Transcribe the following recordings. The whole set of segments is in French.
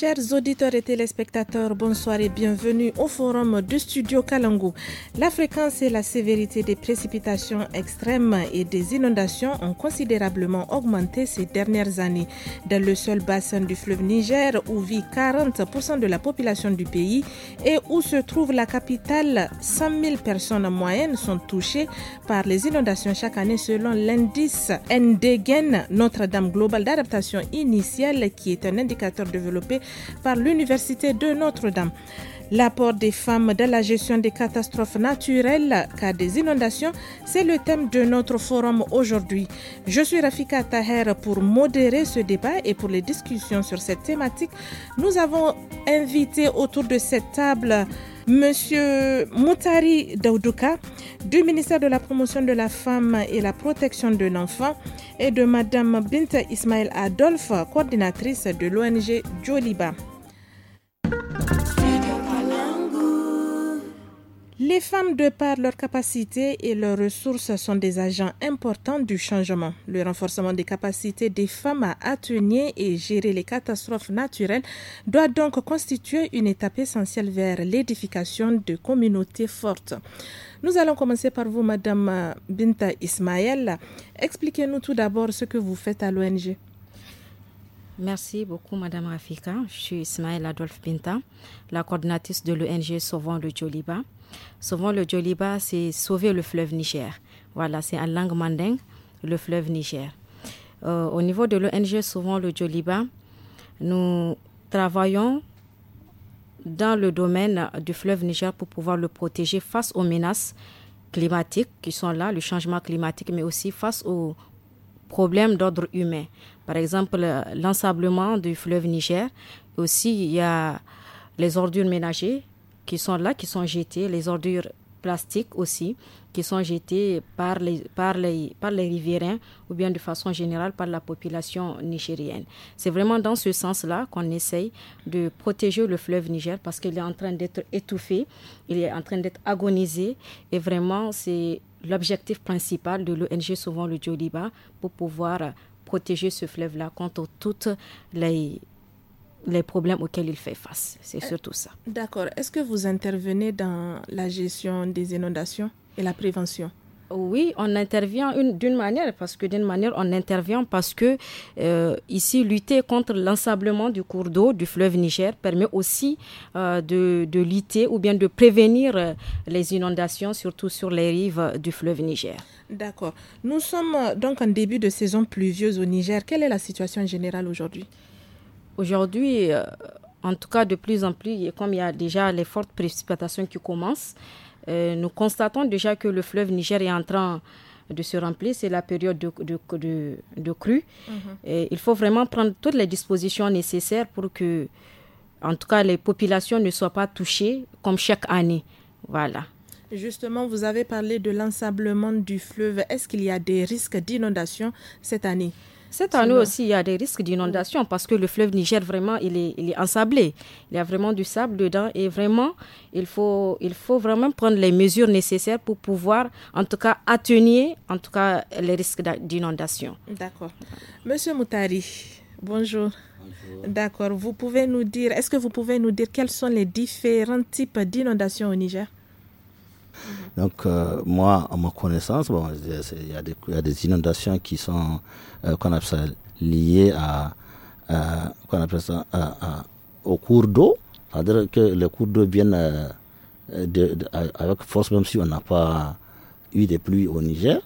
Chers auditeurs et téléspectateurs, bonsoir et bienvenue au forum du studio Kalangu. La fréquence et la sévérité des précipitations extrêmes et des inondations ont considérablement augmenté ces dernières années. Dans le seul bassin du fleuve Niger, où vit 40% de la population du pays et où se trouve la capitale, 100 000 personnes en moyenne sont touchées par les inondations chaque année selon l'indice NDGEN, Notre-Dame Global d'adaptation initiale, qui est un indicateur développé par l'Université de Notre-Dame. L'apport des femmes dans la gestion des catastrophes naturelles, cas des inondations, c'est le thème de notre forum aujourd'hui. Je suis Rafika Taher pour modérer ce débat et pour les discussions sur cette thématique. Nous avons invité autour de cette table Monsieur Moutari Daoudouka du ministère de la Promotion de la Femme et la Protection de l'Enfant et de Madame Binta Ismail Adolphe, coordinatrice de l'ONG Joliba. Les femmes, de par leurs capacités et leurs ressources, sont des agents importants du changement. Le renforcement des capacités des femmes à atténuer et gérer les catastrophes naturelles doit donc constituer une étape essentielle vers l'édification de communautés fortes. Nous allons commencer par vous, Madame Binta Ismaël. Expliquez-nous tout d'abord ce que vous faites à l'ONG. Merci beaucoup, Madame Rafika. Je suis Ismaël Adolphe Binta, la coordinatrice de l'ONG Sauvant le Joliba. Souvent, le Djoliba, c'est sauver le fleuve Niger. Voilà, c'est en langue mandingue, le fleuve Niger. Euh, au niveau de l'ONG, souvent le Djoliba, nous travaillons dans le domaine du fleuve Niger pour pouvoir le protéger face aux menaces climatiques qui sont là, le changement climatique, mais aussi face aux problèmes d'ordre humain. Par exemple, euh, l'ensablement du fleuve Niger. Aussi, il y a les ordures ménagères qui sont là, qui sont jetées, les ordures plastiques aussi, qui sont jetées par les, par les, par les riverains ou bien de façon générale par la population nigérienne. C'est vraiment dans ce sens-là qu'on essaye de protéger le fleuve Niger parce qu'il est en train d'être étouffé, il est en train d'être agonisé et vraiment c'est l'objectif principal de l'ONG souvent le Djoliba pour pouvoir protéger ce fleuve-là contre toutes les les problèmes auxquels il fait face. C'est euh, surtout ça. D'accord. Est-ce que vous intervenez dans la gestion des inondations et la prévention oui, on intervient d'une manière parce que d'une manière on intervient parce que euh, ici lutter contre l'ensablement du cours d'eau du fleuve Niger permet aussi euh, de, lutter ou bien de prévenir les inondations surtout sur les rives du fleuve Niger. D'accord. Nous sommes donc en début de saison pluvieuse au Niger. Quelle est la situation générale aujourd'hui? Aujourd'hui, euh, en tout cas de plus en plus, comme il y a déjà les fortes précipitations qui commencent, euh, nous constatons déjà que le fleuve Niger est en train de se remplir, c'est la période de, de, crue. Mhm. il faut vraiment prendre toutes les dispositions nécessaires pour que, en tout cas, les populations ne soient pas touchées comme chaque année. Voilà. Justement, vous avez parlé de l'ensablement du fleuve. Est-ce qu'il y a des risques d'inondation cette année cette année aussi, il y a des risques d'inondation parce que le fleuve Niger, vraiment, il est, il est ensablé. Il y a vraiment du sable dedans et vraiment, il faut, il faut vraiment prendre les mesures nécessaires pour pouvoir, en tout cas, atténuer, en tout cas, les risques d'inondation. D'accord. Monsieur Moutari, bonjour. bonjour. D'accord. Vous pouvez nous dire, est-ce que vous pouvez nous dire quels sont les différents types d'inondations au Niger? Mhm. Donc euh, moi, à ma connaissance, il y, a des inondations qui sont liées à, au cours d'eau, cest dire que les cours d'eau viennent euh, avec force, même si on n'a pas eu des pluies au Niger.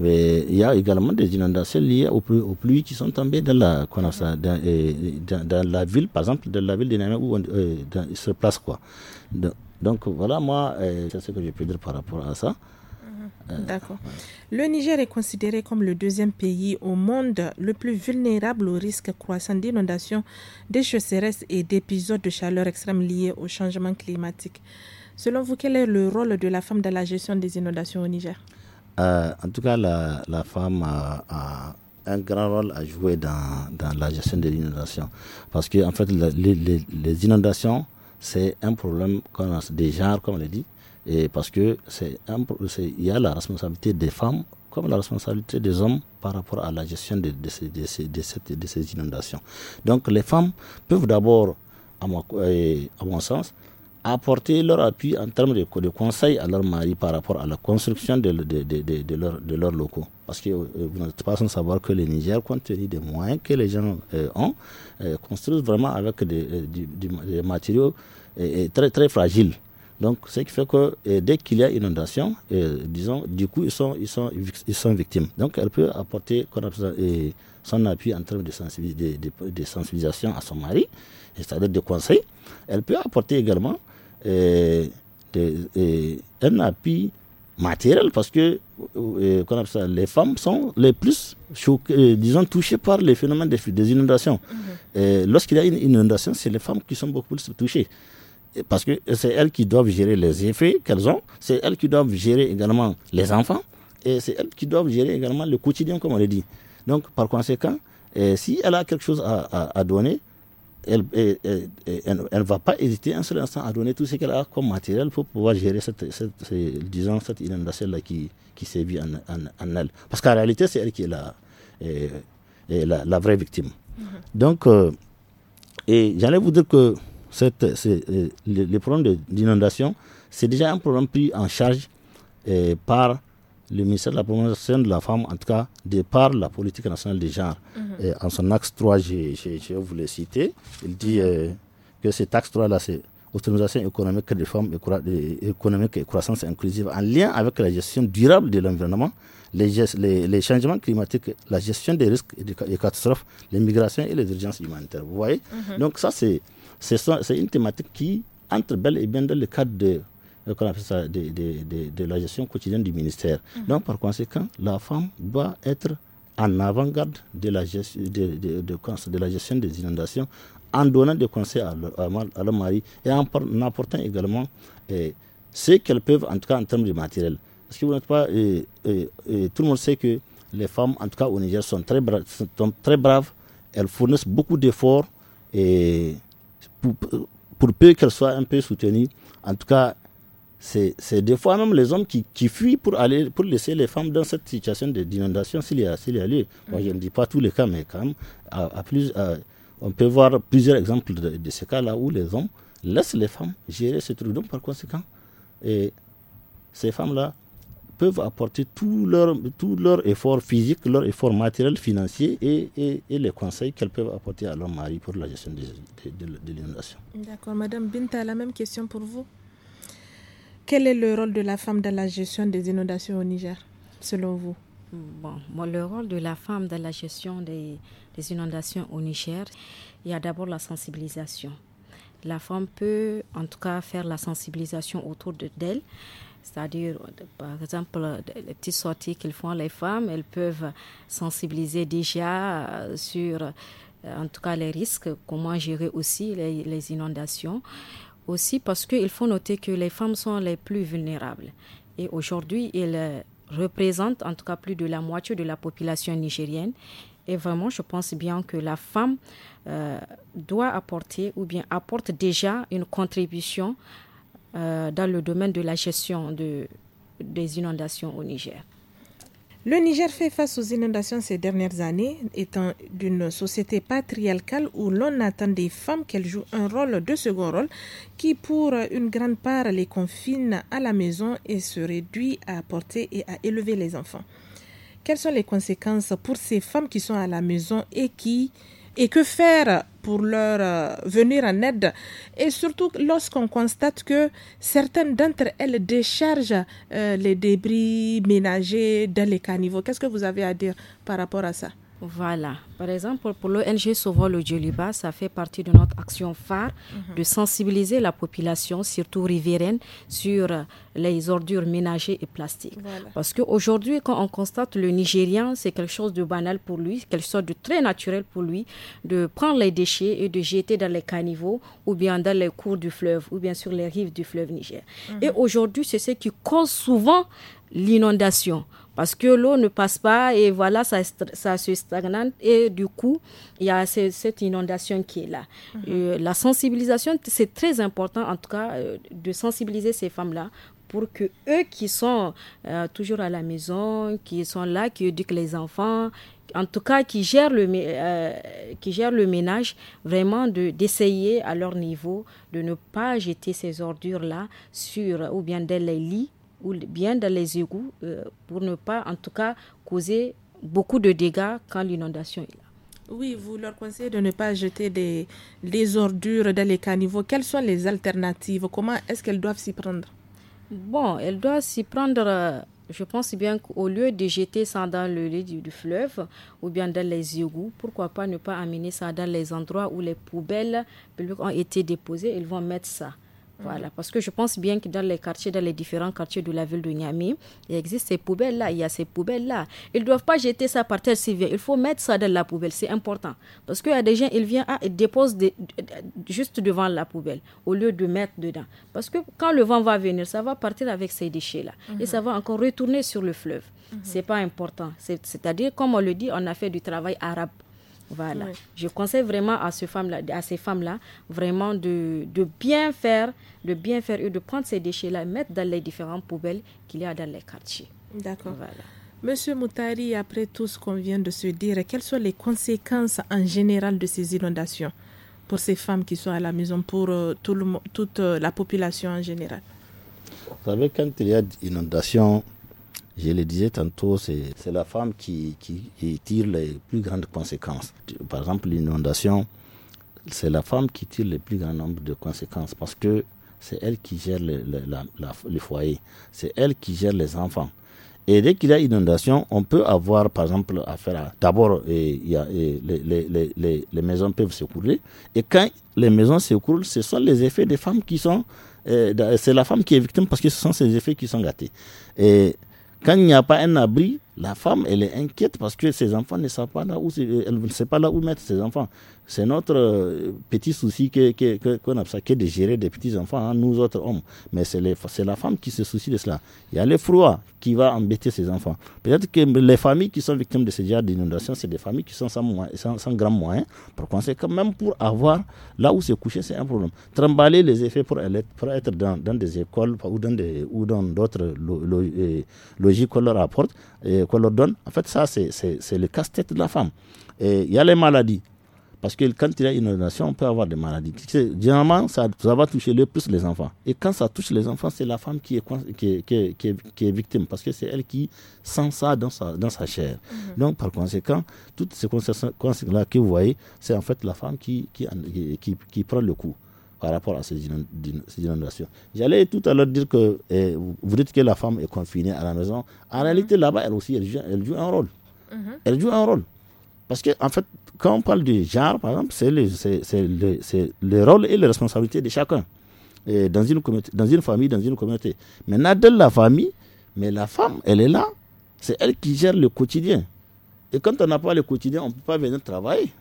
Mais il y a également des inondations liées aux pluies, qui sont tombées dans la, mhm. euh, dans, la ville, par exemple, dans la ville de Niamey où on se place quoi. Donc voilà, moi, euh, c'est ce que je peux dire par rapport à ça. Mhm. D'accord. Le Niger est considéré comme le deuxième pays au monde le plus vulnérable au risque croissant d'inondations, de sécheresses et d'épisodes de chaleur extrême liés au changement climatique. Selon vous, quel est le rôle de la femme dans la gestion des inondations au Niger euh, En tout cas, la, femme a, un grand rôle à jouer dans, la gestion des inondations. Parce que, en fait, les inondations c'est un problème des genres, comme on l'a dit, et parce que c'est il y a la responsabilité des femmes comme la responsabilité des hommes par rapport à la gestion de, ces, inondations. Donc les femmes peuvent d'abord, à, mon sens, apporter leur appui en termes de, de conseils à leur mari par rapport à la construction de, de, de leurs locaux. Parce que euh, vous n'êtes pas sans savoir que le Niger, compte tenu des moyens que les gens euh, ont, euh, construisent vraiment avec des, des, des matériaux très, très fragiles. Donc, ce qui fait que dès qu'il y a inondation, disons, du coup, ils sont, ils sont, ils sont victimes. Donc, elle peut apporter son appui en termes de, de, sensibilisation à son mari, c'est-à-dire de conseils. Elle peut apporter également un appui matériel parce que euh, euh, les femmes sont les plus euh, disons touchées par les phénomènes des, inondations. Mhm. Lorsqu'il y a une inondation, c'est les femmes qui sont beaucoup plus touchées parce que c'est elles qui doivent gérer les effets qu'elles ont, c'est elles qui doivent gérer également les enfants et c'est elles qui doivent gérer également le quotidien comme on le dit. Donc par conséquent, si elle a quelque chose à donner, elle, elle, va pas hésiter un seul instant à donner tout ce qu'elle a comme matériel pour pouvoir gérer cette, cette, cette inondation-là qui, qui sévit en, elle. Parce qu'en réalité, c'est elle qui est la, la, vraie victime. Mhm. Donc, euh, et j'allais vous dire que cette, euh, le, problèmes problème d'inondation, c'est déjà un problème pris en charge par le ministère de la promotion de la femme, en tout cas, de par la politique nationale des genres. Mhm. en son axe 3, je, vous l'ai cité, il dit euh, que cet axe 3-là, c'est autonomisation économique des femmes, économique et croissance inclusive, en lien avec la gestion durable de l'environnement, les, les, changements climatiques, la gestion des risques et des, catastrophes, les migrations et les urgences humanitaires. Vous voyez mhm. Donc ça, c'est une thématique qui entre bel et bien dans le cadre de de, la gestion quotidienne du ministère. Mhm. Donc, par conséquent, la femme doit être en avant-garde de, la gestion, de la gestion des inondations en donnant des conseils à leur, à mari et en, apportant également eh, ce qu'elles peuvent, en tout cas en termes de matériel. Parce que vous n'êtes pas. Eh, eh, tout le monde sait que les femmes, en tout cas au Niger, sont très, braves, très braves. Elles fournissent beaucoup d'efforts et pour, pour peu qu'elles soient un peu soutenues, en tout cas, c'est des fois même les hommes qui, qui, fuient pour aller pour laisser les femmes dans cette situation d'inondation s'il y a s'il y a lieu. Moi, mm. je ne dis pas tous les cas, mais quand même, à, plus, on peut voir plusieurs exemples de, ces cas-là où les hommes laissent les femmes gérer ce truc. Donc, par conséquent, et ces femmes-là peuvent apporter tout leur, tout leur effort physique, leur effort matériel, financier et, et, les conseils qu'elles peuvent apporter à leur mari pour la gestion de, de l'inondation. D'accord. Madame Binta, la même question pour vous. Quel est le rôle de la femme dans la gestion des inondations au Niger, selon vous Bon, le rôle de la femme dans la gestion des, inondations au Niger, il y a d'abord la sensibilisation. La femme peut en tout cas faire la sensibilisation autour d'elle. C'est-à-dire, par exemple, les petites sorties qu'elles font les femmes, elles peuvent sensibiliser déjà euh, sur, euh, en tout cas, les risques, comment gérer aussi les inondations aussi parce qu'il faut noter que les femmes sont les plus vulnérables. Et aujourd'hui, elles représentent en tout cas plus de la moitié de la population nigérienne. Et vraiment, je pense bien que la femme euh, doit apporter ou bien apporte déjà une contribution euh, dans le domaine de la gestion des inondations au Niger. Le Niger fait face aux inondations ces dernières années, étant d'une société patriarcale où l'on attend des femmes qu'elles jouent un rôle de second rôle qui, pour une grande part, les confine à la maison et se réduit à porter et à élever les enfants. Quelles sont les conséquences pour ces femmes qui sont à la maison et qui et que faire pour leur euh, venir en aide et surtout lorsqu'on constate que certaines d'entre elles déchargent euh, les débris ménagers dans les caniveaux. Qu'est-ce que vous avez à dire par rapport à ça voilà. Par exemple, pour l'ONG Sauvons le Djoliba, ça fait partie de notre action phare mhm. de sensibiliser la population, surtout riveraine, sur les ordures ménagères et plastiques. Parce qu'aujourd'hui, quand on constate le Nigérian, c'est quelque chose de banal pour lui, quelque chose de très naturel pour lui, de prendre les déchets et de jeter dans les caniveaux ou bien dans les cours du fleuve ou bien sur les rives du fleuve Niger. Mhm. Et aujourd'hui, c'est ce qui cause souvent l'inondation parce que l'eau ne passe pas et voilà, ça, ça se stagne et du coup, il y a cette inondation qui est là. Mhm. Euh, la sensibilisation, c'est très important en tout cas euh, de sensibiliser ces femmes-là pour que eux qui sont euh, toujours à la maison, qui sont là, qui éduquent les enfants, en tout cas qui gèrent le, qui gèrent le ménage, vraiment d'essayer à leur niveau de ne pas jeter ces ordures-là sur ou bien dans les lits ou bien dans les égouts euh, pour ne pas en tout cas causer beaucoup de dégâts quand l'inondation est là. Oui, vous leur conseillez de ne pas jeter des, ordures dans les caniveaux. Quelles sont les alternatives Comment est-ce qu'elles doivent s'y prendre Bon, elles doivent s'y prendre. Euh, je pense bien qu'au lieu de jeter ça dans le lit du, fleuve ou bien dans les égouts, pourquoi pas ne pas amener ça dans les endroits où les poubelles ont été déposées, elles vont mettre ça. Voilà, mhm. parce que je pense bien que dans les quartiers, dans les différents quartiers de la ville de Niamey, il existe ces poubelles-là, il y a ces poubelles-là. Ils ne doivent pas jeter ça par terre s'il Il faut mettre ça dans la poubelle, c'est important. Parce qu'il y a des gens, ils viennent, ah, ils déposent juste devant la poubelle au lieu de mettre dedans. Parce que quand le vent va venir, ça va partir avec ces déchets-là. Et mhm. ça va encore retourner sur le fleuve. Ce mhm. n'est C'est pas important. C'est-à-dire, comme on le dit, on a fait du travail arabe. Voilà. Je conseille vraiment à, -là, à ces femmes-là vraiment de, bien faire, de bien faire et de prendre ces déchets-là et mettre dans les différentes poubelles qu'il y a dans les quartiers. D'accord. Voilà. Monsieur Moutari, après tout ce qu'on vient de se dire, quelles sont les conséquences en général de ces inondations pour ces femmes qui sont à la maison, pour euh, toute euh, la population en général Vous savez, quand il y a inondations... Je le disais tantôt, c'est la femme qui, qui, tire les plus grandes conséquences. Par exemple, l'inondation, c'est la femme qui tire le plus grand nombre de conséquences parce que c'est elle qui gère le, foyer, c'est elle qui gère les enfants. Et dès qu'il y a inondation, on peut avoir, par exemple, affaire à... D'abord, les, les, maisons peuvent s'écrouler. Et quand les maisons s'écroulent, ce sont les effets des femmes qui sont... Euh, c'est la femme qui est victime parce que ce sont ces effets qui sont gâtés. Et quand il n'y a pas un abri, la femme, elle est inquiète parce que ses enfants ne savent pas là où, elle ne sait pas là où mettre ses enfants. C'est notre euh, petit souci que, que, qu'on a, que de gérer des petits-enfants, hein, nous autres hommes. Mais c'est, la femme qui se soucie de cela. Il y a froid qui va embêter ses enfants. Peut-être que les familles qui sont victimes de ces genre d'inondation, c'est des familles qui sont sans, grands sans, sans grand moyen. Par conséquent, même pour avoir là où se coucher, c'est un problème. Trimballer les effets pour, pour être dans, dans, des écoles ou dans, ou dans d'autres euh, logiques qu'on leur apporte, et qu'on leur donne, en fait, ça, c'est, c'est le casse-tête de la femme. Et il y a les maladies. Parce que quand il y a une inondation, on peut avoir des maladies. Généralement, ça, va toucher le plus les enfants. Et quand ça touche les enfants, c'est la femme qui est, qui est, victime, parce que c'est elle qui sent ça dans sa, dans sa chair. Mhm. Donc, par conséquent, toutes ces conséquences-là que vous voyez, c'est en fait la femme qui, qui, qui, prend le coup par rapport à ces inondations. J'allais tout à l'heure dire que eh, vous dites que la femme est confinée à la maison. En mhm. réalité, là-bas, elle aussi, elle joue, un rôle. Mhm. Elle joue un rôle. Parce que en fait, quand on parle du genre, par exemple, c'est le, rôle et les responsabilités de chacun et dans, une dans une famille, dans une communauté. Maintenant, dans la famille, mais la femme, elle est là. C'est elle qui gère le quotidien. Et quand on n'a pas le quotidien, on ne peut pas venir travailler.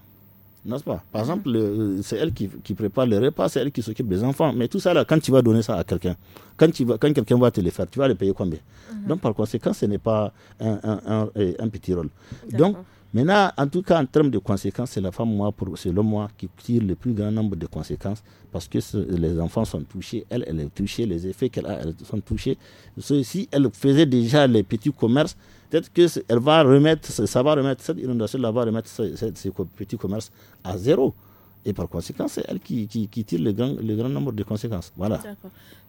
N'est-ce pas Par mhm. exemple, c'est elle qui, prépare le repas, c'est elle qui s'occupe des enfants. Mais tout ça, là, quand tu vas donner ça à quelqu'un, quand, tu quand quelqu'un va te le faire, tu vas le payer combien mhm. Donc, par conséquent, ce n'est pas un, un, petit rôle. Donc, Maintenant, en tout cas, en termes de conséquences, c'est la femme, moi, selon moi, qui tire le plus grand nombre de conséquences parce que les enfants sont touchés, elle, elle est touchée, les effets qu'elle a, elles sont touchés. Si elle faisait déjà les petits commerces, peut-être que elle va remettre, ça va remettre, cette inondation elle va remettre ces, petits commerces à zéro. Et par conséquent, c'est elle qui, tire le grand, nombre de conséquences. Voilà.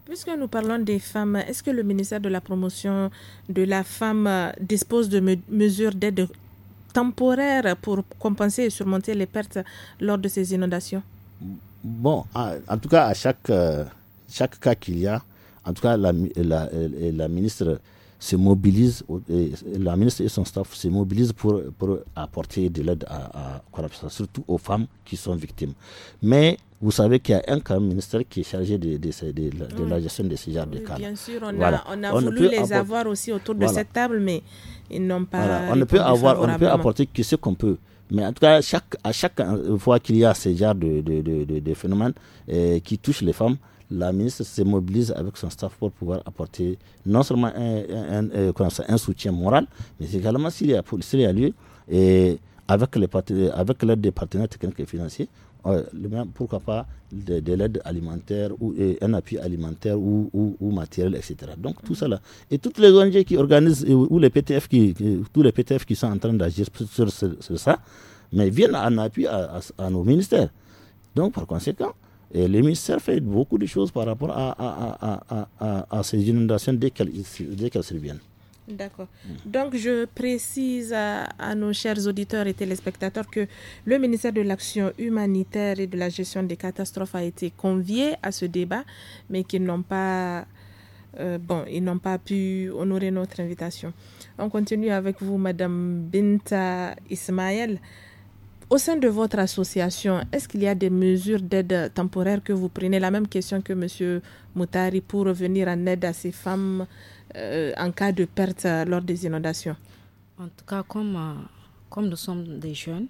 Puisque nous parlons des femmes, est-ce que le ministère de la Promotion de la Femme dispose de mesures d'aide temporaire pour compenser et surmonter les pertes lors de ces inondations Bon, en, tout cas, à chaque, euh, chaque cas qu'il y a, en tout cas, la, la, la ministre se mobilisent, la ministre et son staff se mobilisent pour, pour apporter de l'aide à, à surtout aux femmes qui sont victimes. Mais vous savez qu'il y a un ministère qui est chargé de, de, la gestion de ces genres de cas. Bien sûr, on, a, on voulu les avoir aussi autour de cette table, mais ils n'ont pas. On, ne peut avoir, on peut apporter que ce qu'on peut. Mais en tout cas, chaque, à chaque fois qu'il y a ces genres de, de, phénomènes euh, qui touchent les femmes, la ministre se mobilise avec son staff pour pouvoir apporter non seulement un, un, euh, soutien moral, mais également s'il y a, s'il a lieu, avec l'aide des partenaires techniques et financiers, euh, pourquoi pas de, de l'aide alimentaire ou un appui alimentaire ou, matériel, etc. Donc tout cela mhm. Et toutes les ONG qui organisent euh, ou les PTF qui, tous les PTF qui sont en train d'agir sur, ça, mais viennent en appui à nos ministères. Donc par conséquent, et le ministère fait beaucoup de choses par rapport à, ces inondations dès qu'elles qu D'accord. Donc, je précise à, nos chers auditeurs et téléspectateurs que le ministère de l'Action humanitaire et de la gestion des catastrophes a été convié à ce débat, mais qu'ils n'ont pas, euh, bon, n'ont pas pu honorer notre invitation. On continue avec vous, Madame Binta Ismaël. Au sein de votre association, est-ce qu'il y a des mesures d'aide temporaire que vous prenez La même question que M. Moutari pour revenir en aide à ces femmes euh, en cas de perte euh, lors des inondations. En tout cas, comme, euh, nous sommes des jeunes,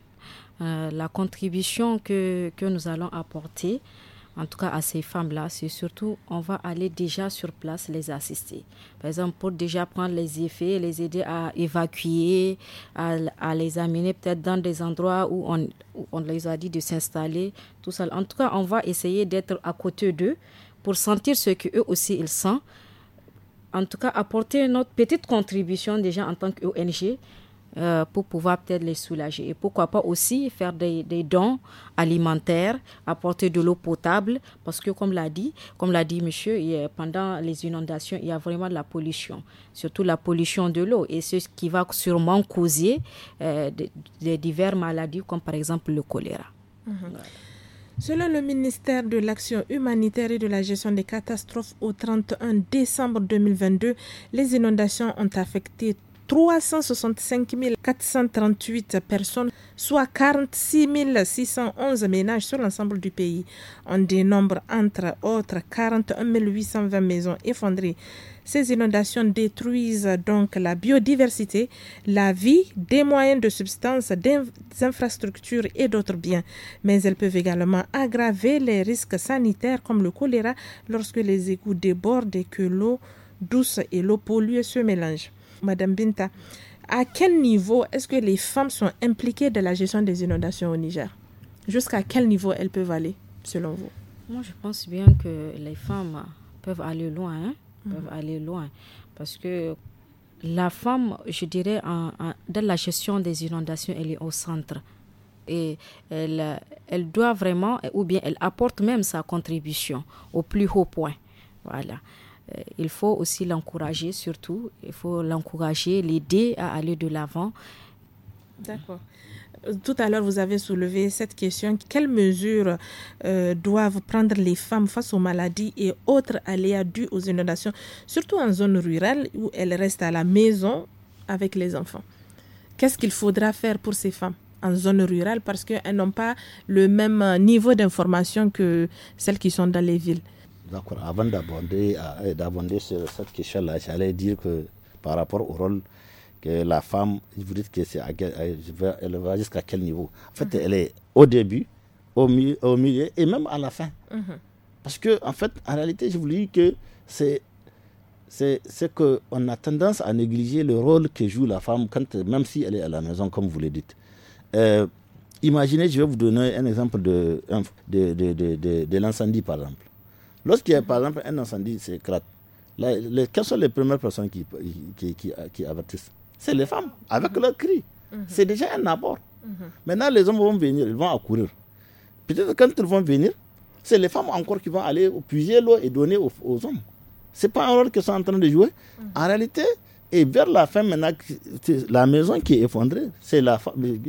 la contribution que nous allons apporter, en tout cas à ces femmes-là, c'est surtout on va aller déjà sur place les assister. Par exemple, pour déjà prendre les effets, les aider à évacuer, à, les amener peut-être dans des endroits où on, on les a dit de s'installer, tout ça. En tout cas, on va essayer d'être à côté d'eux pour sentir ce qu'eux aussi ils sentent. En tout cas, apporter notre petite contribution déjà en tant qu'ONG euh, pour pouvoir peut-être les soulager. Et pourquoi pas aussi faire des, dons alimentaires, apporter de l'eau potable, parce que comme l'a dit, comme l'a dit monsieur, pendant les inondations, il y a vraiment de la pollution, surtout la pollution de l'eau, et c'est ce qui va sûrement causer euh, des, de diverses maladies, comme par exemple le choléra. Mhm. Selon le ministère de l'Action humanitaire et de la gestion des catastrophes, au 31 décembre 2022, les inondations ont affecté 365 438 personnes, soit 46 611 ménages sur l'ensemble du pays. On dénombre entre autres 41 820 maisons effondrées. Ces inondations détruisent donc la biodiversité, la vie, des moyens de substance, des infrastructures et d'autres biens. Mais elles peuvent également aggraver les risques sanitaires comme le choléra lorsque les égouts débordent et que l'eau douce et l'eau polluée se mélangent. Madame Binta, à quel niveau est-ce que les femmes sont impliquées dans la gestion des inondations au Niger Jusqu'à quel niveau elles peuvent aller, selon vous Moi, je pense bien que les femmes peuvent aller loin, hein, mhm. peuvent aller loin, parce que la femme, je dirais, dans la gestion des inondations, elle est au centre. Et elle, elle doit vraiment, ou bien elle apporte même sa contribution au plus haut point. Voilà. Euh, il faut aussi l'encourager, surtout. Il faut l'encourager, l'aider à aller de l'avant. D'accord. Tout à l'heure, vous avez soulevé cette question. Quelles mesures euh, doivent prendre les femmes face aux maladies et autres aléas dus aux inondations, surtout en zone rurale où elles restent à la maison avec les enfants Qu'est-ce qu'il faudra faire pour ces femmes en zone rurale parce qu'elles n'ont pas le même euh, niveau d'information que celles qui sont dans les villes D'accord. Avant d'aborder, ah, eh, sur cette question-là, j'allais dire que par rapport au rôle que la femme, vous dites que c'est eh, va jusqu'à quel niveau En fait, mhm. elle est au début, au milieu, et même à la fin. Mhm. Parce que, en fait, en réalité, je vous dis que c'est c'est qu'on a tendance à négliger le rôle que joue la femme, quand, même si elle est à la maison, comme vous le dites. Euh, imaginez, je vais vous donner un exemple de, de l'incendie, par exemple. Lorsqu'il y a par exemple un incendie, c'est crate. quelles sont les premières personnes qui, qui, avertissent C'est les femmes, avec leur cri. Mhm. C'est déjà un abord. Mhm. Maintenant, les hommes vont venir, ils vont accourir. Peut-être quand ils vont venir, c'est les femmes encore qui vont aller puiser l'eau et donner aux, hommes. Ce n'est pas un rôle qu'ils sont en train de jouer. Mhm. En réalité, et vers la fin, maintenant, la maison qui est effondrée, c'est la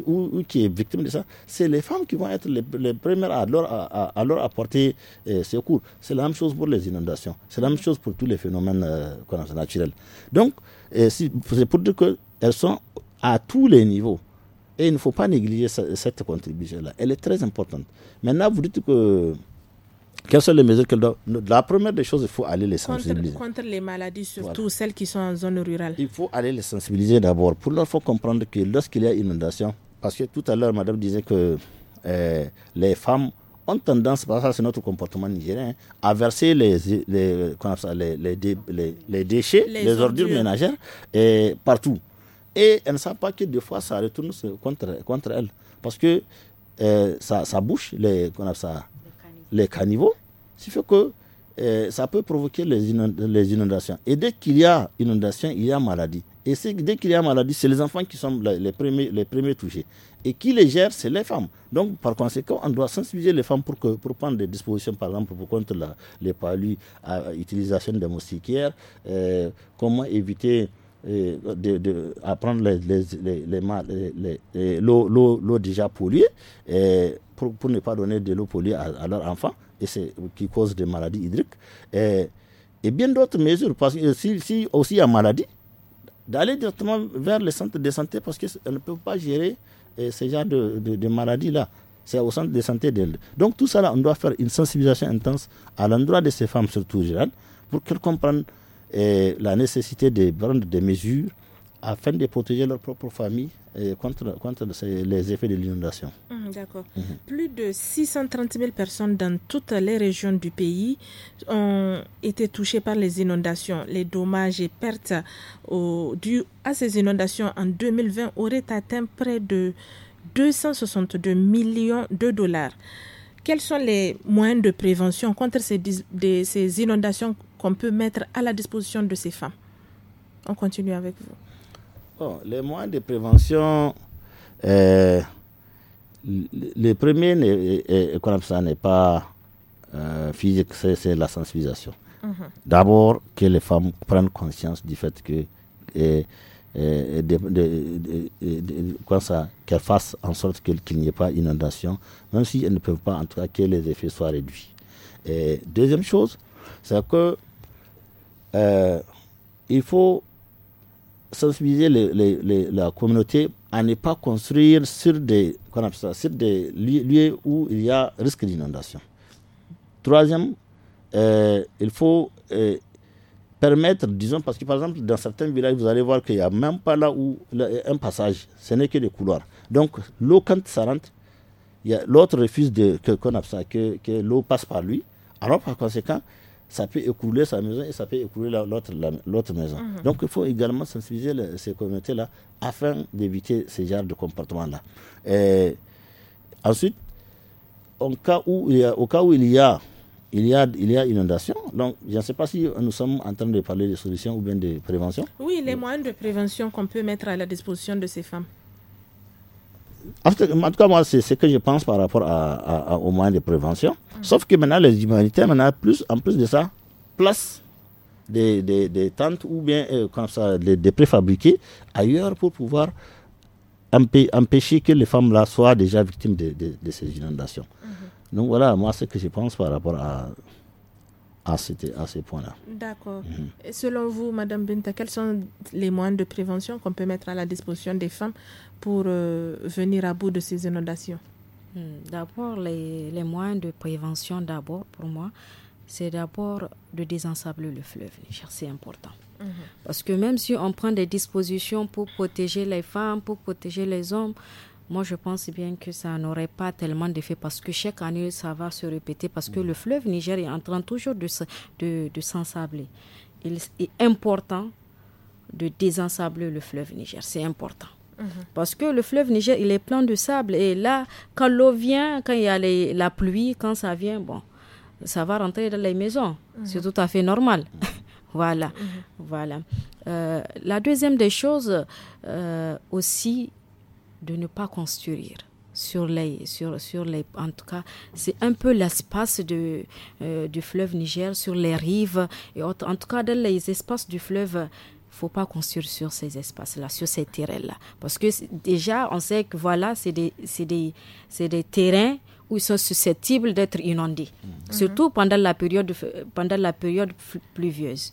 ou, qui est victime de ça, c'est les femmes qui vont être les, premières à leur, à, leur apporter euh, secours. C'est la même chose pour les inondations. C'est la même chose pour tous les phénomènes euh, naturels. Donc, euh, c'est pour dire qu'elles sont à tous les niveaux. Et il ne faut pas négliger cette contribution-là. Elle est très importante. Maintenant, vous dites que quelles sont les mesures que La première des choses, il faut aller les sensibiliser. Contre, les maladies, surtout celles qui sont en zone rurale. Il faut aller les sensibiliser d'abord. Pour leur, faut comprendre que lorsqu'il y a inondation, parce que tout à l'heure, madame disait que euh, les femmes ont tendance, parce que c'est notre comportement nigérien, à verser les, les, déchets, les, ordures. ménagères et partout. Et elles ne savent pas que des fois, ça retourne contre, contre elles. Parce que euh, ça, bouche les, ça, les, ce fait que eh, ça peut provoquer les, inondations. Et dès qu'il y a inondation, il y a maladie. Et dès qu'il y a maladie, c'est les enfants qui sont les premiers, les premiers touchés. Et qui les gère, c'est les femmes. Donc, par conséquent, on doit sensibiliser les femmes pour, que, pour prendre des dispositions, par exemple, pour contre la, les palus, à l'utilisation des moustiquaires, eh, comment éviter eh, de, à prendre l'eau les, les, les, déjà polluée, pour, ne pas donner de l'eau polluée à leurs enfants et qui cause des maladies hydriques, et, et bien d'autres mesures. Parce que si, si aussi il maladie, d'aller directement vers les centres de santé parce qu'elles ne peuvent pas gérer eh, ce genre de, de, maladies-là. C'est au centre de santé d'elle Donc tout ça, on doit faire une sensibilisation intense à l'endroit de ces femmes, surtout Gérald pour qu'elles comprennent eh, la nécessité de prendre des mesures afin de protéger leur propre famille contre, les effets de l'inondation. Mmh, d'accord. Mmh. Plus de 630 000 personnes dans toutes les régions du pays ont été touchées par les inondations. Les dommages et pertes au, dus à ces inondations en 2020 auraient atteint près de 262 millions de dollars. Quels sont les moyens de prévention contre ces, ces inondations qu'on peut mettre à la disposition de ces femmes On continue avec vous les moyens de prévention, euh, le premier n'est pas euh, physique, c'est la sensibilisation. Mhm. D'abord, que les femmes prennent conscience du fait que qu'elles fassent en sorte qu'il n'y ait pas inondation, même si elles ne peuvent pas, en tout cas, que les effets soient réduits. Et deuxième chose, c'est que euh, il faut sensibiliser la communauté à ne pas construire sur des, des lieux où il y a risque d'inondation. Troisième, euh, il faut euh, permettre, disons, parce que par exemple, dans certains villages, vous allez voir qu'il n'y a même pas là où un passage, ce n'est que des couloirs. Donc, l'eau, quand ça rentre, l'autre refuse de, que l'eau passe par lui. Alors, par conséquent, ça peut écouler sa maison et ça peut écouler l'autre maison. Mhm. Donc il faut également sensibiliser ces communautés-là afin d'éviter ce genre de comportement-là. Ensuite, cas où il y a, au cas où il y a il y a, il y a inondation. Donc, je ne sais pas si nous sommes en train de parler de solutions ou bien de prévention. Oui, les moyens de prévention qu'on peut mettre à la disposition de ces femmes. En, tout cas, moi, c'est ce que je pense par rapport à, à, aux moyens de prévention. Mm. Sauf que maintenant, les humanitaires, maintenant, plus, en plus de ça, place des, tentes ou bien euh, comme ça, des, préfabriqués ailleurs pour pouvoir empêcher que les femmes là soient déjà victimes de, ces inondations. Mm-hmm. Donc voilà, moi, ce que je pense par rapport à, à, à ces points-là. D'accord. Mm-hmm. Et Selon vous, Madame Binta, quels sont les moyens de prévention qu'on peut mettre à la disposition des femmes pour euh, venir à bout de ces inondations hmm, D'abord, les, les, moyens de prévention, d'abord, pour moi, c'est d'abord de désensabler le fleuve C'est important. Mhm. Parce que même si on prend des dispositions pour protéger les femmes, pour protéger les hommes, moi, je pense bien que ça n'aurait pas tellement d'effet parce que chaque année, ça va se répéter parce que le fleuve Niger est en train toujours de, de, de s'ensabler. Il est important de désensabler le fleuve Niger. C'est important. Mhm. Parce que le fleuve Niger, il est plein de sable. Et là, quand l'eau vient, quand il y a la pluie, quand ça vient, bon, ça va rentrer dans les maisons. Mhm. C'est tout à fait normal. Mhm. voilà. voilà. Euh, la deuxième des choses, euh, aussi, de ne pas construire sur les, sur, sur les, en tout cas, c'est un peu l'espace de, euh, du fleuve Niger, sur les rives et autres, en tout cas dans les espaces du fleuve faut pas construire sur ces espaces-là, sur ces terrains-là. Parce que déjà, on sait que voilà, c'est des, des, des terrains où ils sont susceptibles d'être inondés, mm. mm-hmm. surtout pendant la période, pendant la période pluvieuse.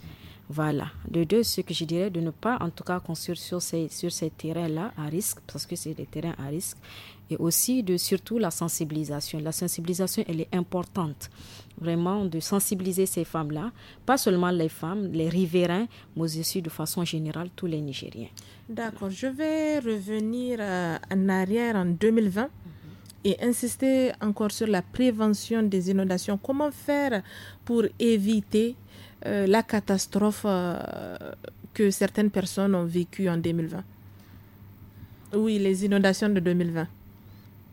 Voilà. De deux, ce que je dirais, de ne pas en tout cas construire sur ces, sur ces terrains-là à risque, parce que c'est des terrains à risque, et aussi de surtout la sensibilisation. La sensibilisation, elle est importante vraiment de sensibiliser ces femmes-là, pas seulement les femmes, les riverains, mais aussi de façon générale tous les Nigériens. D'accord, je vais revenir euh, en arrière en 2020 et insister encore sur la prévention des inondations. Comment faire pour éviter euh, la catastrophe euh, que certaines personnes ont vécue en 2020 Oui, les inondations de 2020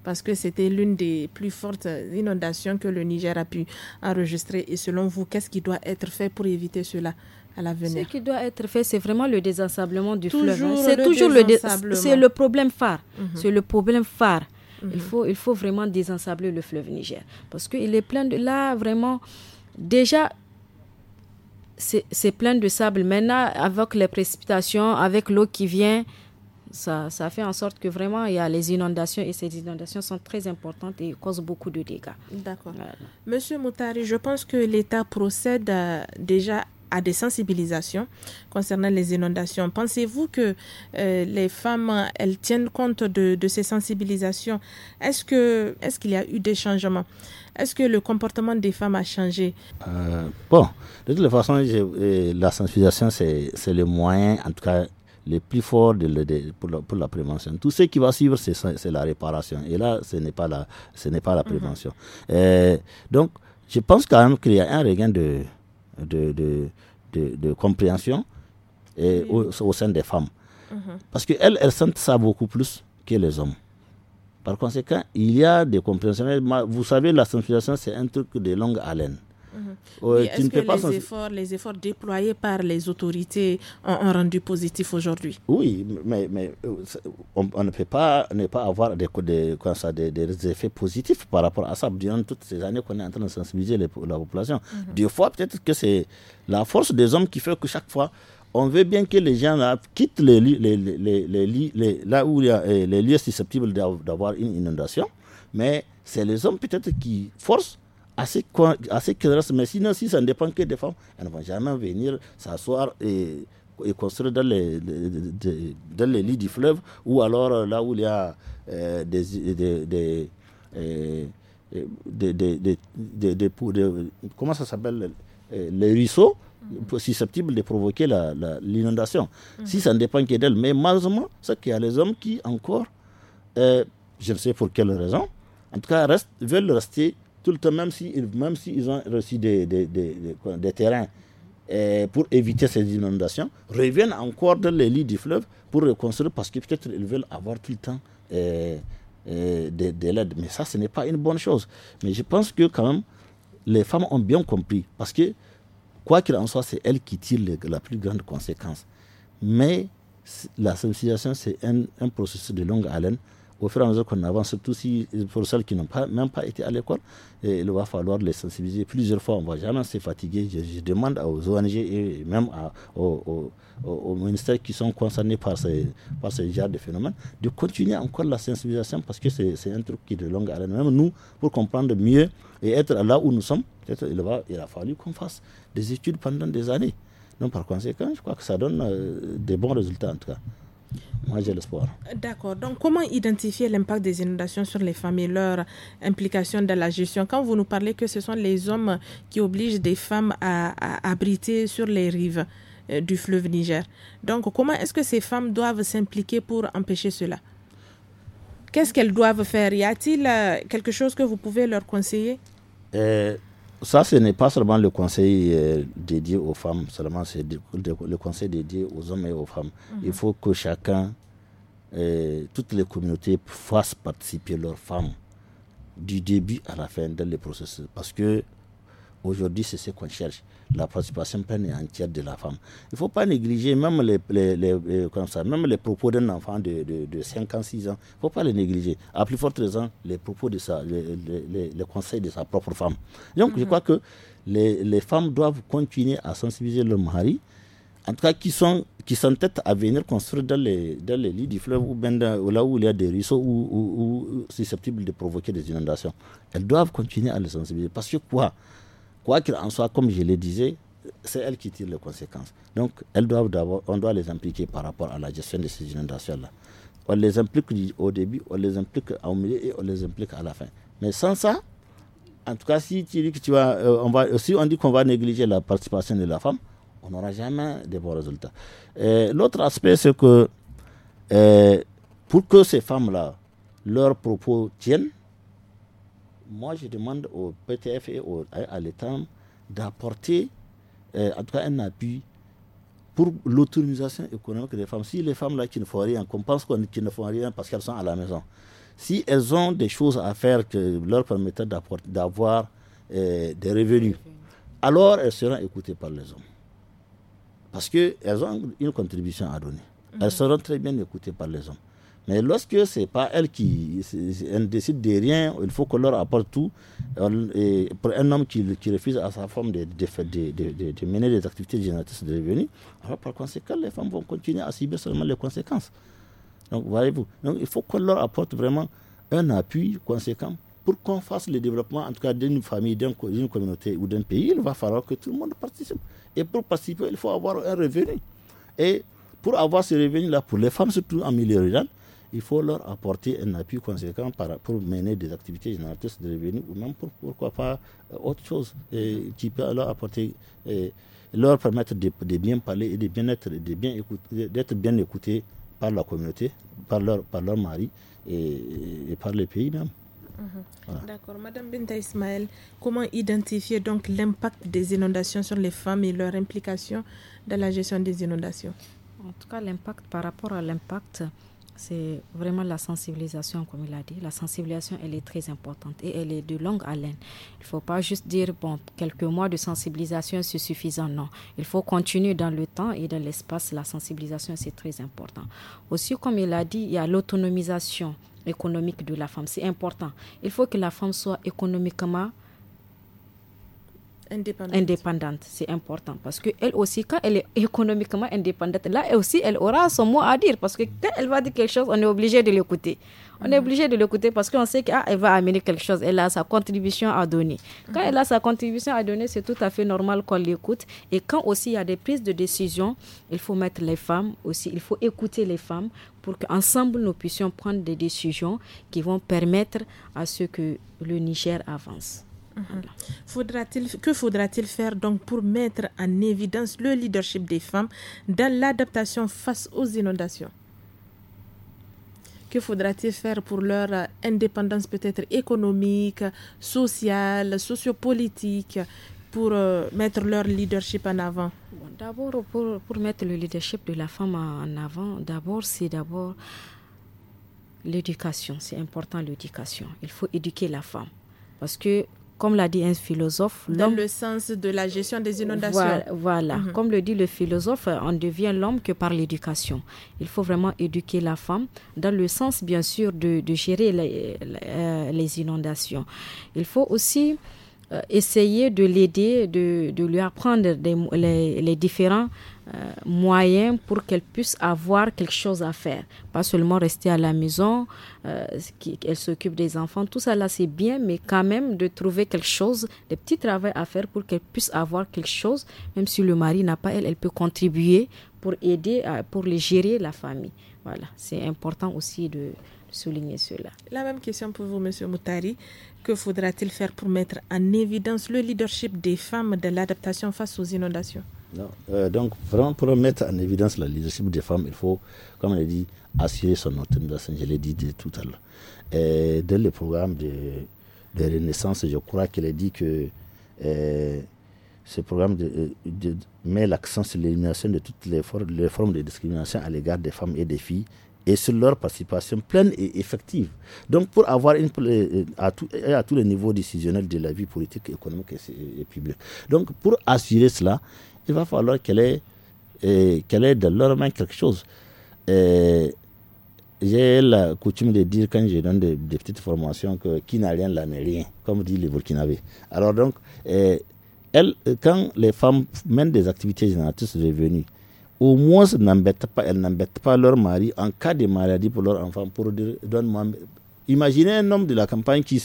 parce que c'était l'une des plus fortes inondations que le Niger a pu enregistrer. Et selon vous, qu'est-ce qui doit être fait pour éviter cela à l'avenir Ce qui doit être fait, c'est vraiment le désensablement du fleuve. Hein. C'est toujours le c'est le problème phare. Mhm. C'est le problème phare. Mhm. Il faut il faut vraiment désensabler le fleuve Niger parce qu'il est plein de là vraiment déjà c'est plein de sable. Maintenant, avec les précipitations, avec l'eau qui vient, ça, ça, fait en sorte que vraiment il y a les inondations et ces inondations sont très importantes et causent beaucoup de dégâts. D'accord. Monsieur Moutari, je pense que l'État procède euh, déjà à des sensibilisations concernant les inondations. Pensez-vous que euh, les femmes, elles tiennent compte de, ces sensibilisations Est-ce que est-ce qu'il y a eu des changements Est-ce que le comportement des femmes a changé euh, Bon, de toute façon, la sensibilisation, c'est le moyen, en tout cas les plus forts e pour, la, prévention. Tout ce qui va suivre, c'est la réparation. Et là, ce n'est pas la, ce n'est pas la prévention. Mhm. Euh, donc, je pense quand même qu'il y a un regain de, de, de, compréhension au, sein des femmes. Mhm. Parce qu'elles, elles sentent ça beaucoup plus que les hommes. Par conséquent, il y a des compréhensions. Vous savez, la sensibilisation, c'est un truc de longue haleine. Mhm. Est-ce que les, efforts, déployés par les autorités ont, rendu positif aujourd'hui Oui, mais, mais euh, on, ne peut pas ne pas avoir des, des, effets positifs par rapport à ça durant toutes ces années qu'on est en train de sensibiliser la population. deux mhm. Des fois, peut-être que c'est la force des hommes qui fait que chaque fois, on veut bien que les gens là, hein, quittent les, les, les, là où il y a euh, les lieux susceptibles d'avoir une inondation, mais c'est les hommes peut-être qui forcent assez ce, assez Mais sinon, si ça ne dépend que des femmes, elles ne vont jamais venir s'asseoir et, et, construire dans les, lits du fleuve ou alors euh, là où il y a euh, des, des, euh, des, Comment ça s'appelle Les ruisseaux mm-hmm. susceptibles de provoquer l'inondation. Mm-hmm. Si ça ne dépend que d'elles. Mais malheureusement, c'est qu'il y a les hommes qui encore, je ne sais pour quelle raison, en tout cas, veulent rester tout le temps, même s'ils si, ont reçu des, des, terrains eh, pour éviter ces inondations, reviennent encore dans les lits du fleuve pour reconstruire parce que peut-être ils veulent avoir tout le temps eh, eh, de, l'aide. Mais ça, ce n'est pas une bonne chose. Mais je pense que quand même, les femmes ont bien compris parce que, quoi qu'il en soit, c'est elles qui tirent la plus grande conséquence. Mais la civilisation c'est un processus de longue haleine au fur et à mesure qu'on avance, surtout pour celles qui n'ont pas, même pas été à l'école, il va falloir les sensibiliser plusieurs fois. On ne va jamais se fatiguer. Je, demande aux ONG et même aux, ministères qui sont concernés par ce genre de phénomène, de continuer encore la sensibilisation parce que c'est un truc qui est de longue haleine. Même nous, pour comprendre mieux et être là où nous sommes, il, a fallu qu'on fasse des études pendant des années. Donc, par conséquent, je crois que ça donne euh, des bons résultats en tout cas. Moi, j'ai l'espoir. D'accord. Donc, comment identifier l'impact des inondations sur les femmes et leur implication dans la gestion Quand vous nous parlez que ce sont les hommes qui obligent des femmes à, abriter sur les rives euh, du fleuve Niger. Donc, comment est-ce que ces femmes doivent s'impliquer pour empêcher cela Qu'est-ce qu'elles doivent faire Y a-t-il euh, quelque chose que vous pouvez leur conseiller euh, ça, ce n'est pas seulement le conseil euh, dédié aux femmes, seulement c'est le conseil dédié aux hommes et aux femmes. Mhm. Il faut que chacun, euh, toutes les communautés fassent participer leurs femmes du début à la fin dans le processus. Parce que Aujourd'hui, c'est ce qu'on cherche, la participation pleine et entière de la femme. Il ne faut pas négliger même les, les, euh, ça, même les propos d'un enfant de, de, 5 ans, 6 ans. Il ne faut pas les négliger. À plus forte raison, les propos de sa, les, conseils de sa propre femme. Donc, je crois que les, femmes doivent continuer à sensibiliser leur mari, en tout cas qui sont qui s'entêtent à venir construire dans les, dans les lits du fleuve ou là où il y a des ruisseaux ou, susceptibles de provoquer des inondations. Elles doivent continuer à les sensibiliser. Parce que quoi Quoi qu'il en soit, comme je le disais, c'est elles qui tirent les conséquences. Donc, elles doivent on doit les impliquer par rapport à la gestion de ces inondations-là. On les implique au début, on les implique au milieu et on les implique à la fin. Mais sans ça, en tout cas, si tu dis que tu vas, euh, on va, si on dit qu'on va négliger la participation de la femme, on n'aura jamais de bons résultats. L'autre aspect, c'est que euh, pour que ces femmes-là, leurs propos tiennent, moi je demande au PTF et à, l'État d'apporter euh, en un appui pour l'autonomisation économique des femmes. Si les femmes là qui ne font rien, qu'on pense qu'elles ne font rien parce qu'elles sont à la maison, si elles ont des choses à faire qui leur permettent d'avoir euh, des revenus, alors elles seront écoutées par les hommes. Parce qu'elles ont une contribution à donner. Elles mhm. seront très bien écoutées par les hommes. Mais lorsque c'est pas elle qui elle décide de rien, il faut qu'on leur apporte tout. Et pour un homme qui, refuse à sa femme de, mener des activités génératrices de revenus, alors par conséquent, les femmes vont continuer à subir seulement les conséquences. Donc, voyez-vous. Donc, il faut qu'on leur apporte vraiment un appui conséquent pour qu'on fasse le développement, en tout cas d'une famille, d'une communauté ou d'un pays, il va falloir que tout le monde participe. Et pour participer, il faut avoir un revenu. Et pour avoir ce revenu-là, pour les femmes, surtout en milieu rural, il faut leur apporter un appui conséquent pour mener des activités génératrices de revenus ou même pourquoi pas euh, autre chose qui peut leur apporter, leur permettre de, bien parler et de bien être, bien d'être bien écouté par la communauté, par leur, par leur mari et, par le pays même. Mhm. D'accord. Madame Binta Ismaël, comment identifier donc l'impact des inondations sur les femmes et leur implication dans la gestion des inondations En tout cas, l'impact par rapport à l'impact, c'est vraiment la sensibilisation, comme il a dit. La sensibilisation, elle est très importante et elle est de longue haleine. Il ne faut pas juste dire, bon, quelques mois de sensibilisation, c'est suffisant. Non, il faut continuer dans le temps et dans l'espace. La sensibilisation, c'est très important. Aussi, comme il a dit, il y a l'autonomisation économique de la femme. C'est important. Il faut que la femme soit économiquement indépendante, c'est important parce que elle aussi quand elle est économiquement indépendante là aussi elle aura son mot à dire parce que quand elle va dire quelque chose on est obligé de l'écouter on est mhm. obligé de l'écouter parce qu'on sait qu'elle va amener quelque chose elle a sa contribution à donner quand mhm. elle a sa contribution à donner c'est tout à fait normal qu'on l'écoute et quand aussi il y a des prises de décision il faut mettre les femmes aussi il faut écouter les femmes pour qu'ensemble nous puissions prendre des décisions qui vont permettre à ce que le Niger avance Faudra-t-il, que faudra-t-il faire donc pour mettre en évidence le leadership des femmes dans l'adaptation face aux inondations Que faudra-t-il faire pour leur indépendance peut-être économique, sociale, sociopolitique pour euh, mettre leur leadership en avant D'abord, pour, pour, mettre le leadership de la femme en avant, d'abord, c'est d'abord l'éducation. C'est important l'éducation. Il faut éduquer la femme. Parce que comme l'a dit un philosophe. Dans le sens de la gestion des inondations. Voilà, mhm. comme le dit le philosophe, on devient l'homme que par l'éducation. Il faut vraiment éduquer la femme dans le sens, bien sûr, de, gérer euh, les, inondations. Il faut aussi euh, essayer de l'aider, de, de, lui apprendre les, différents euh, moyens pour qu'elle puisse avoir quelque chose à faire. Pas seulement rester à la maison, euh, qu'elle s'occupe des enfants, tout ça là c'est bien, mais quand même de trouver quelque chose, des petits travaux à faire pour qu'elle puisse avoir quelque chose, même si le mari n'a pas elle, elle peut contribuer pour aider, pour les gérer la famille. Voilà, c'est important aussi de souligner cela. La même question pour vous, Monsieur Moutari. Que faudra-t-il faire pour mettre en évidence le leadership des femmes de l'adaptation face aux inondations euh, donc, vraiment, pour mettre en évidence le leadership des femmes, il faut, comme on dit, assurer son autonomisation. Je l'ai dit tout à l'heure. Dans le programme de, Renaissance, je crois qu'il a dit que euh, ce programme euh, met l'accent sur l'élimination de toutes les, formes de discrimination à l'égard des femmes et des filles et sur leur participation pleine et effective. Donc pour avoir une, euh, euh, à, euh, à tous les niveaux décisionnels de la vie politique, économique et, publique. Donc pour assurer cela, il va falloir qu'elle ait, qu'elle dans leur main quelque chose. j'ai la coutume de dire quand je donne des, petites formations que qui n'a rien là n'est rien, comme dit le burkinabé Alors donc, elle quand les femmes mènent des activités génératrices de revenus, au moins elles n'embêtent pas leur mari en cas de maladie pour leur enfant pour Imaginez un homme de la campagne qui,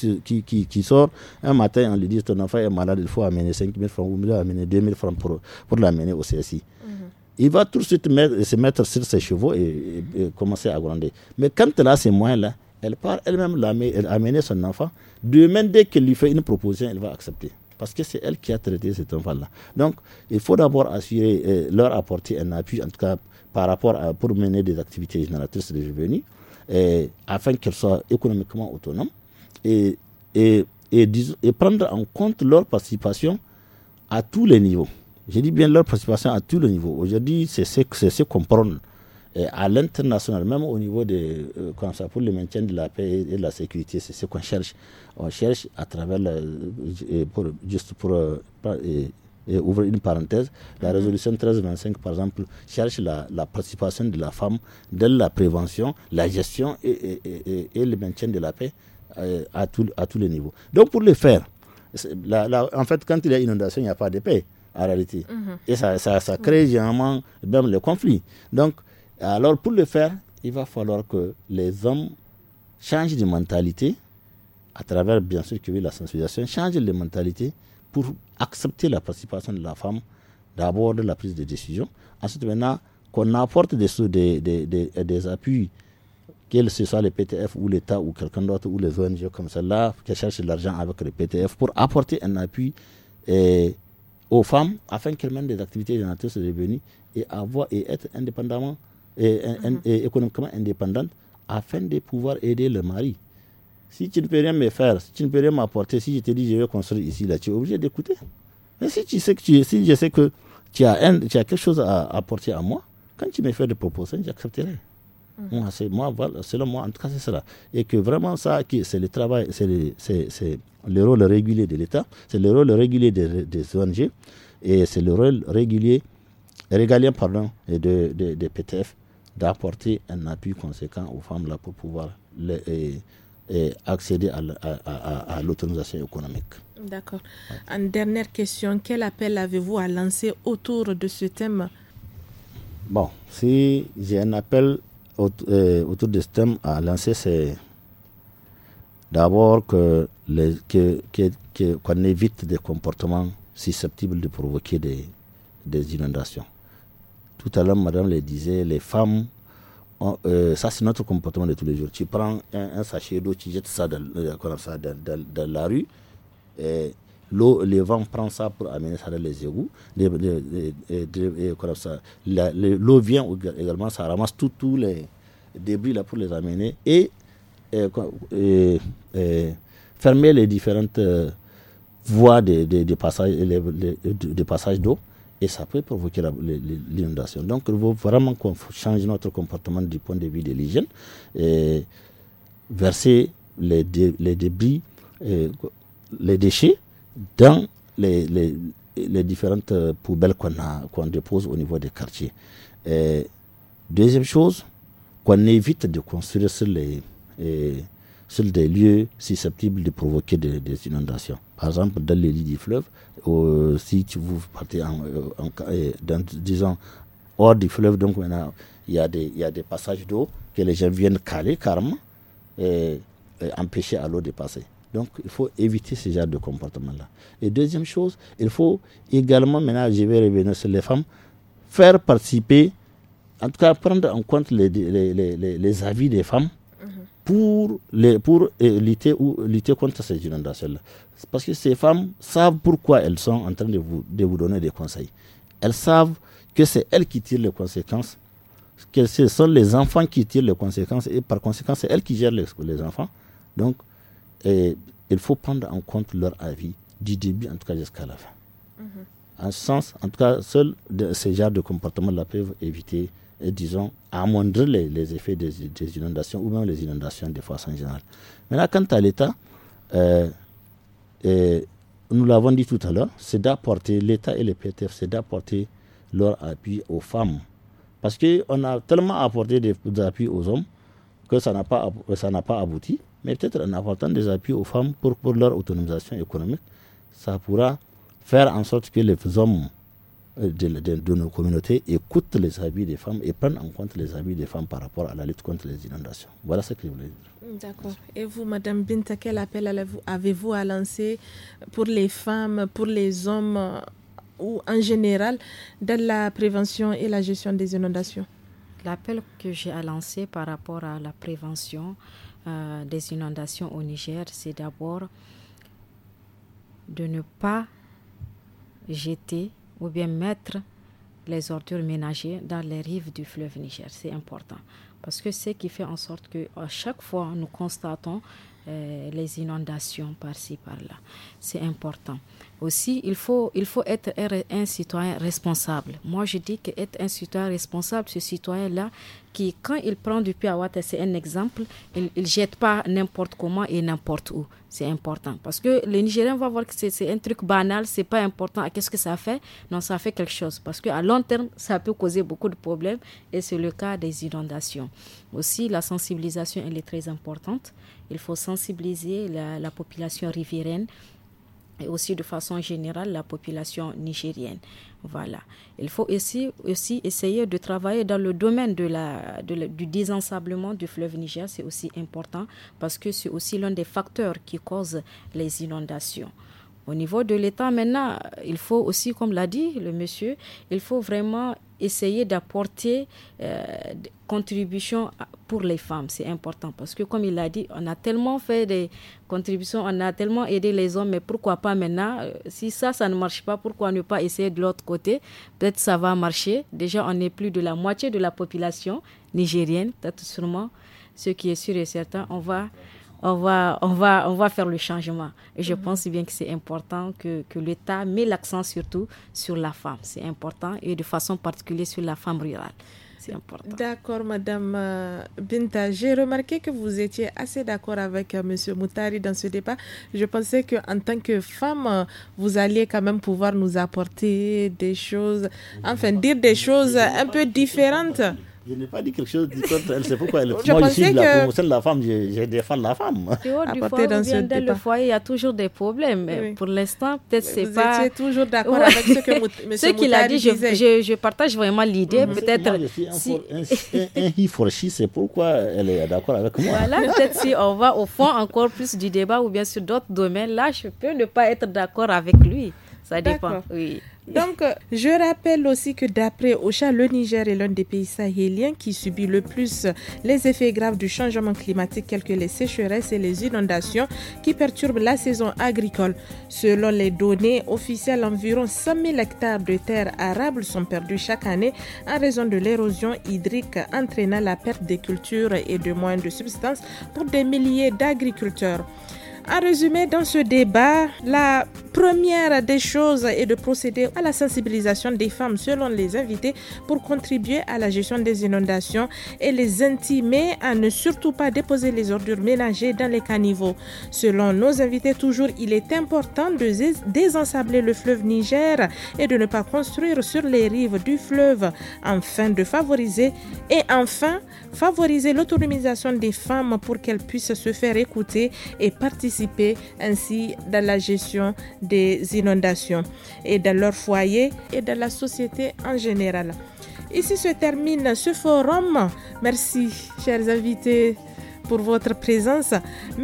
qui, sort un matin, on lui dit ton enfant est malade, il faut amener 5 000 francs ou amener 2 000 francs pour, l'amener au CSI. Mhm. Il va tout de suite se mettre sur ses chevaux et, commencer à grandir. Mais quand elle a ces moyens-là, elle part elle-même amener son enfant. Demain, dès qu'elle lui fait une proposition, elle va accepter parce que c'est elle qui a traité cet enfant-là. Donc, il faut d'abord assurer, euh, leur apporter un appui, en tout cas, par rapport à, pour mener des activités génératrices de revenus, afin qu'elles soient économiquement autonomes et, et, et, prendre en compte leur participation à tous les niveaux. Je dis bien leur participation à tous les niveaux. Aujourd'hui, c'est ce qu'on prône à l'international, même au niveau de, euh, comme ça, pour le maintien de la paix et de la sécurité, c'est ce qu'on cherche. On cherche à travers, pour, juste pour euh, ouvrir une parenthèse, la résolution 1325, par exemple, cherche la, participation de la femme dans la prévention, la gestion et, le maintien de la paix euh, à, à tous les niveaux. Donc, pour le faire, en fait, quand il y a inondation, il n'y a pas de paix, en réalité. Mm-hmm. Et ça, crée généralement même le conflit. Donc, alors pour le faire, il va falloir que les hommes changent de mentalité, à travers bien sûr que la sensibilisation, changent de mentalité pour accepter la participation de la femme, d'abord de la prise de décision, ensuite maintenant qu'on apporte des, des, des, des, appuis, que ce soit les PTF ou l'État ou quelqu'un d'autre ou les ONG comme celle-là, qui cherchent l'argent avec les PTF pour apporter un appui. Eh, aux femmes afin qu'elles mènent des activités génératrices de revenus et avoir et être indépendamment Mm-hmm. et, économiquement indépendante afin de pouvoir aider le mari. Si tu ne peux rien me faire, si tu ne peux rien m'apporter, si je te dis je vais construire ici, là, tu es obligé d'écouter. Mais si tu sais que tu, si je sais que tu as, un, tu as quelque chose à apporter à moi, quand tu me fais des propositions, j'accepterai. Mm-hmm. Moi, c'est moi, selon moi, en tout cas, c'est cela. Et que vraiment, ça, c'est le travail, c'est le, le, rôle régulier de l'État, c'est le rôle régulier des, ONG, et c'est le rôle régulier, régalien, pardon, des de, PTF d'apporter un appui conséquent aux femmes là pour pouvoir eh, eh, accéder à, à, l'autonomisation économique. D'accord. En dernière question, quel appel avez-vous à lancer autour de ce thème Bon, si j'ai un appel eh, autour, de ce thème à lancer, c'est d'abord que qu'on évite des comportements susceptibles de provoquer des inondations. Tout à l'heure, madame le disait, les femmes, euh, ça c'est notre comportement de tous les jours. Tu prends un, sachet d'eau, tu jettes ça euh, dans, la rue, et l'eau, le vent prend ça pour amener ça dans les égouts. L'eau vient également, ça ramasse tous les débris là pour les amener et, euh, fermer les différentes voies de passage d'eau et ça peut provoquer l'inondation. Donc il faut vraiment qu'on change notre comportement du point de vue de l'hygiène et verser les, euh, les déchets dans les, différentes euh, poubelles qu'on dépose au niveau des quartiers. Et deuxième chose, qu'on évite de construire sur les sur des lieux susceptibles de provoquer des, inondations. Par exemple, dans les lits du fleuve, euh, si vous partez en, euh, euh, hors du fleuve, donc il y, a des, a des passages d'eau que les gens viennent caler carrément et, empêcher à l'eau de passer. Donc, il faut éviter ce genre de comportement-là. Et deuxième chose, il faut également, maintenant, je vais revenir sur les femmes, faire participer, en tout cas, prendre en compte les, les avis des femmes pour, les, pour eh, lutter, ou, lutter contre ces inondations-là. Parce que ces femmes savent pourquoi elles sont en train de vous, de vous donner des conseils. Elles savent que c'est elles qui tirent les conséquences, que ce sont les enfants qui tirent les conséquences, et par conséquent, c'est elles qui gèrent les, les enfants. Donc, et, eh, il faut prendre en compte leur avis, du début en tout cas jusqu'à la fin. Mhm. En ce sens, en tout cas, seul ces genres de comportements-là peuvent éviter et disons, amoindrir les, les effets des, des, inondations ou même les inondations de façon générale. Maintenant, quant à l'État, euh, nous l'avons dit tout à l'heure, c'est d'apporter, l'État et les PTF, c'est d'apporter leur appui aux femmes. Parce qu'on a tellement apporté des, appuis aux hommes que ça n'a pas, ça pas abouti. Mais peut-être en apportant des appuis aux femmes pour, pour leur autonomisation économique, ça pourra faire en sorte que les hommes de, nos communautés écoutent les habits des femmes et prennent en compte les avis des femmes par rapport à la lutte contre les inondations. Voilà ce que je voulais dire. D'accord. Et vous, Madame Binta, quel appel avez-vous à lancer pour les femmes, pour les hommes euh, ou en général dans la prévention et la gestion des inondations L'appel que j'ai à lancer par rapport à la prévention euh, des inondations au Niger, c'est d'abord de ne pas jeter ou bien mettre les ordures ménagères dans les rives du fleuve Niger. C'est important parce que c'est ce qui fait en sorte que à chaque fois nous constatons euh, les inondations par-ci, par-là. C'est important. Aussi, il faut, il faut être un citoyen responsable. Moi, je dis qu'être un citoyen responsable, ce citoyen-là, qui, quand il prend du papier c'est un exemple, il ne jette pas n'importe comment et n'importe où. C'est important. Parce que les Nigériens va voir que c'est un truc banal, c'est pas important. Qu'est-ce que ça fait Non, ça fait quelque chose. Parce qu'à long terme, ça peut causer beaucoup de problèmes et c'est le cas des inondations. Aussi, la sensibilisation, elle est très importante. Il faut sensibiliser la, population riveraine et aussi de façon générale la population nigérienne. Voilà. Il faut aussi, aussi essayer de travailler dans le domaine de la, du désensablement du fleuve Niger. C'est aussi important parce que c'est aussi l'un des facteurs qui cause les inondations. Au niveau de l'État, maintenant, il faut aussi, comme l'a dit le monsieur, il faut vraiment essayer d'apporter euh, des contributions pour les femmes. C'est important parce que, comme il a dit, on a tellement fait des contributions, on a tellement aidé les hommes, mais pourquoi pas maintenant euh, Si ça, ça ne marche pas, pourquoi ne pas essayer de l'autre côté Peut-être ça va marcher. Déjà, on est plus de la moitié de la population nigérienne, peut-être sûrement. Ce qui est sûr et certain, on va on va, on va, on va faire le changement. Et je pense bien que c'est important que, que l'État met l'accent surtout sur la femme. C'est important et de façon particulière sur la femme rurale. C'est important. D'accord, Madame euh, Binta. J'ai remarqué que vous étiez assez d'accord avec euh, M. Moutari dans ce débat. Je pensais qu'en tant que femme, vous alliez quand même pouvoir nous apporter des choses, enfin dire des choses un peu différentes. Je n'ai pas dit quelque chose contre elle, c'est pourquoi elle, je moi je suis de la promotion de la femme, je, défends la femme. À du dans, ce le foyer, il y a toujours des problèmes. Pour l'instant, peut-être c'est pas. Vous étiez toujours d'accord avec ce que M. ce qu'il a dit, je, partage vraiment l'idée. peut-être. si... un, un, for c'est pourquoi elle est d'accord avec moi. Voilà, peut-être si on va au fond encore plus du débat ou bien sur d'autres domaines, là, je peux ne pas être d'accord avec lui. Ça dépend, oui. Donc, je rappelle aussi que d'après OCHA, le Niger est l'un des pays sahéliens qui subit le plus les effets graves du changement climatique, tels que les sécheresses et les inondations qui perturbent la saison agricole. Selon les données officielles, environ 100 000 hectares de terres arables sont perdus chaque année en raison de l'érosion hydrique, entraînant la perte des cultures et de moyens de substance pour des milliers d'agriculteurs. En résumé, dans ce débat, la première des choses est de procéder à la sensibilisation des femmes selon les invités pour contribuer à la gestion des inondations et les intimer à ne surtout pas déposer les ordures ménagères dans les caniveaux. Selon nos invités toujours, il est important de désensabler le fleuve Niger et de ne pas construire sur les rives du fleuve afin de favoriser et enfin favoriser l'autonomisation des femmes pour qu'elles puissent se faire écouter et participer ainsi dans la gestion des inondations et dans leur foyer et dans la société en général. Ici se termine ce forum. Merci, chers invités pour votre présence.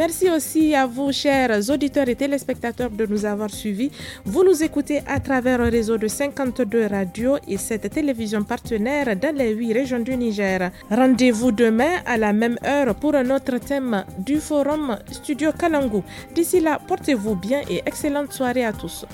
Merci aussi à vous, chers auditeurs et téléspectateurs, de nous avoir suivis. Vous nous écoutez à travers un réseau de 52 radios et cette télévision partenaire dans les 8 régions du Niger. Rendez-vous demain à la même heure pour un autre thème du forum Studio Kalangu. D'ici là, portez-vous bien et excellente soirée à tous.